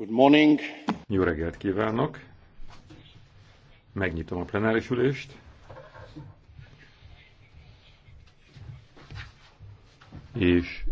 Good morning. Jó reggelt kívánok! Megnyitom a plenáris ülést. És